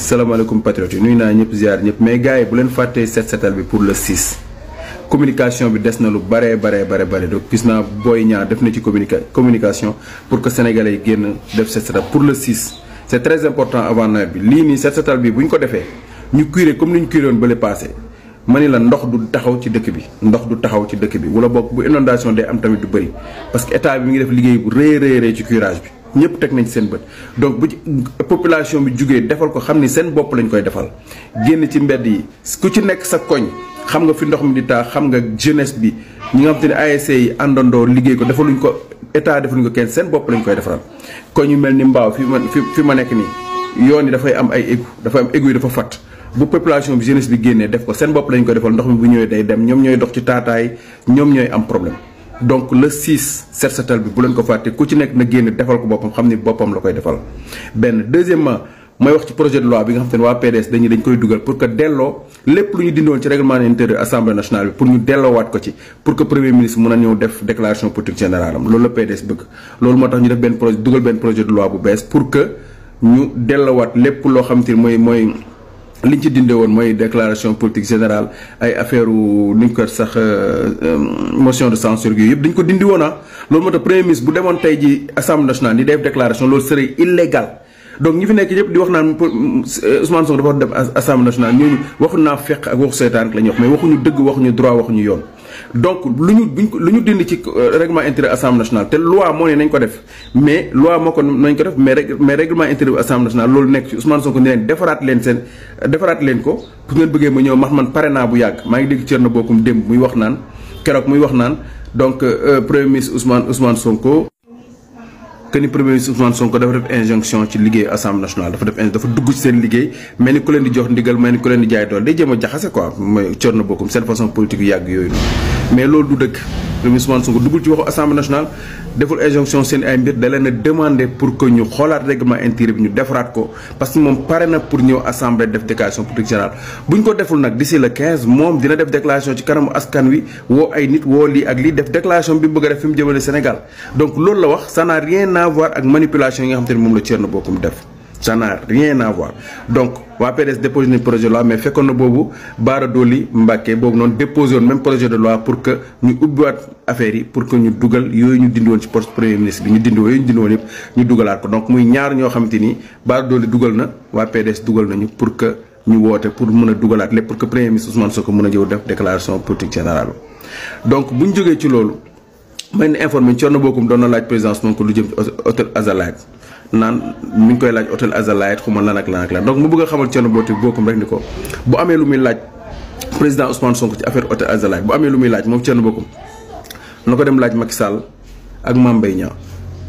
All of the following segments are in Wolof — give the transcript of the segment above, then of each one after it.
salaamaaleykum patriote yi nuyu naa ñëpp ziar ñëpp mais gars yi leen fàttee set setal bi pour le 6 communication bi des na lu bare bare bare bare donc gis naa booy ñaar def na ci communica communication pour que sénégalais yi génn def set setal pour le 6 c' est très important avant nawet bi lii nii set setal bi bu ko defee ñu curé comme ni ñu curé woon bële passé ma la ndox du taxaw ci dëkk bi ndox du taxaw ci dëkk bi wala boog bu inondation day am tamit du bëri parce que état bi mi ngi def liggéey bu ci curage bi ñëpp teg nañ seen bët donc bu population bi jógee defal ko xam ni seen bopp lañu koy defal génn ci mbedd yi ku ci nekk sa koñ xam nga fi ndox mi di taa xam nga jeunesse bi ñi nga xam te ne ASC yi àndandoo liggéey ko defaluñ ko état defaluñ ko kenn seen bopp lañ koy defaral koñ yu mel ni mbaaw fi ma fi ma nekk nii yoon yi dafay am ay égout dafay am égout yi dafa fatt bu population bi jeunesse bi génnee def ko seen bopp lañ koy defal ndox mi bu ñëwee day dem ñoom ñooy dox ci taataay ñoom ñooy am donc le 6 set setal bi bu leen ko fàttee ku ci nekk na génn defal ko boppam xam ni boppam la koy defal benn deuxièmement mooy wax ci projet de loi bi nga xam te ne waa PDS dañu dañ koy dugal que delloo lépp lu ñu dindoon ci règlement intérieur assemblée nationale bi pour ñu delloowaat ko ci pour que premier a ñëw def déclaration politique générale am loolu la PDS bëgg loolu moo tax ñu benn projet dugal benn projet de loi bu bees pour que ñu delloowaat lépp loo xam te ni mooy mooy liñ ci dindee woon mooy déclaration politique générale ay affaire ni sax euh, euh, motion de censure gi yëpp dañ ko dindi woon ah loolu moo tax premier ministre bu demoon tey ji assemblée nationale di def déclaration loolu serait illégal donc ñi fi nekk yëpp di wax naa euh, Ousmane Sonko dafa war dem assemblée nationale ñooñu waxu naa feq ak waxu seetaan la ñuy wax mais waxuñu dëgg waxuñu droit waxuñu yoon donc lu ñu buñ lu ñu dindi ci euh, règlement intérieur assemblée nationale te loi moo ne nañ ko def mais loi moo ko nañ ko def mais mais règlement intérieur assemblée nationale loolu nekk ci Ousmane Sonko ni leen defaraat leen seen defaraat leen ko pour ngeen bëggee ma ñëw max man pare naa bu yàgg maa ngi dégg Thierno Bocoum démb muy wax naan keroog muy wax naan donc euh, euh, premier ministre Ousmane Ousmane Sonko. que premier ministre Ousmane Sonko dafa def injonction ci liggéey assemblée nationale dafa def dafa dugg ci seen liggéey mel ni ku leen di jox ndigal mel ni ku leen di jaay doole day jéem jaxase quoi mooy cër na bokkum seen façon politique yu yàgg yooyu mais loolu du dëgg. le ministre Ousmane Sonko duggul ci waxu assemblée nationale deful injonction seen ay mbir da leen a demandé pour que ñu xoolaat règlement intérieur bi ñu defaraat ko parce moom pare na pour ñëw assemblée def déclaration politique générale bu ñu ko deful nag d'ici le 15 moom dina def déclaration ci kanamu askan wi woo ay nit woo lii ak lii def déclaration bi bëgg a def fi mu jëmale Sénégal donc loolu la wax ça n'a rien à ak manipulation yi nga xam te ne moom la Thierno Bocoum def ça n'a rien à voir waa PDS déposé nañ projet de loi mais fekkoon na boobu Bara Dolly Mbacké boobu noonu déposé woon même projet de loi pour que ñu dugal yooyu ñu dindi woon ci poste premier ministre bi ñu dindi yooyu ko donc muy ñaar ñoo xamante ni Bara Dolly dugal na waa PDS dugal nañu pour que ñu woote pour mun a dugalaat lépp pour que premier ministre Ousmane Sonko a jëw def déclaration politique générale bu ñu jógee ci loolu may na informé Thierno Bocoum doon na laaj présidence moom lu jëm ci hôtel Azalaï naan mi ngi koy laaj hôtel Azalaït xuma lan ak lan ak lan donc mu bëgg a xamal Thierno boo bokkum rek ni ko bu amee lu muy laaj président Ousmane Sonko ci affaire hôtel Azalaït bu amee lu muy laaj moom Thierno Bocoum na ko dem laaj Macky sàll ak Mame Mbaye Niang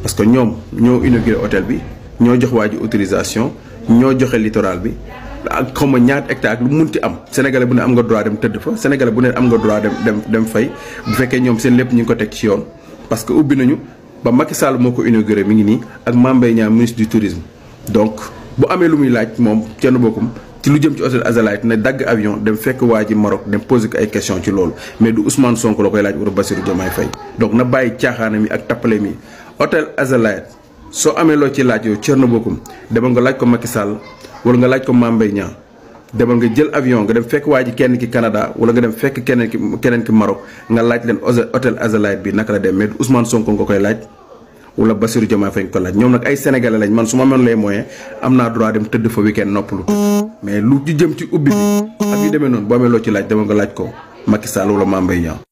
parce que ñoom ñoo inauguré hôtel bi ñoo jox waa ji autorisation ñoo joxe littoral bi ak xaw ma ñaata hectare lu munti am sénégalais bu ne am nga droit dem tëdd fa sénégalais bu ne am nga droit dem dem dem fay bu fekkee ñoom seen lépp ñu ngi ko teg ci yoon parce que ubbi nañu ba Macky Sall moo ko inauguré mi ngi nii ak Mame Mbaye Niang ministre du tourisme donc bu amee lu muy laaj moom kenn bokkum ci lu jëm ci hôtel Azalaï ne dagg avion dem fekk waa ji Maroc dem posé ko ay question ci loolu mais du Ousmane Sonko la koy laaj wala Bassirou Diomaye Faye donc na bàyyi caaxaana mi ak tappale mi hôtel Azalaï soo amee loo ci laaj yow Thierno Bocoum demal nga laaj ko Macky Sall wala nga laaj ko mambay Mbaye demal nga jël avion nga dem fekk waa ji kenn ki Canada wala nga dem fekk keneen ki keneen ki Maroc nga laaj leen hôtel Azalaï bi naka la dem mais Ousmane Sonko nga koy laaj wala Bassirou Diomaye Faye nga ko laaj ñoom nag ay sénégalais lañ man su ma mën lay moyen am naa droit dem tëdd fa week-end noppalu mais lu jëm ci ubbi bi ak yu demee noonu boo ci laaj demal nga laaj ko Macky Sall wala Mame Mbaye Niang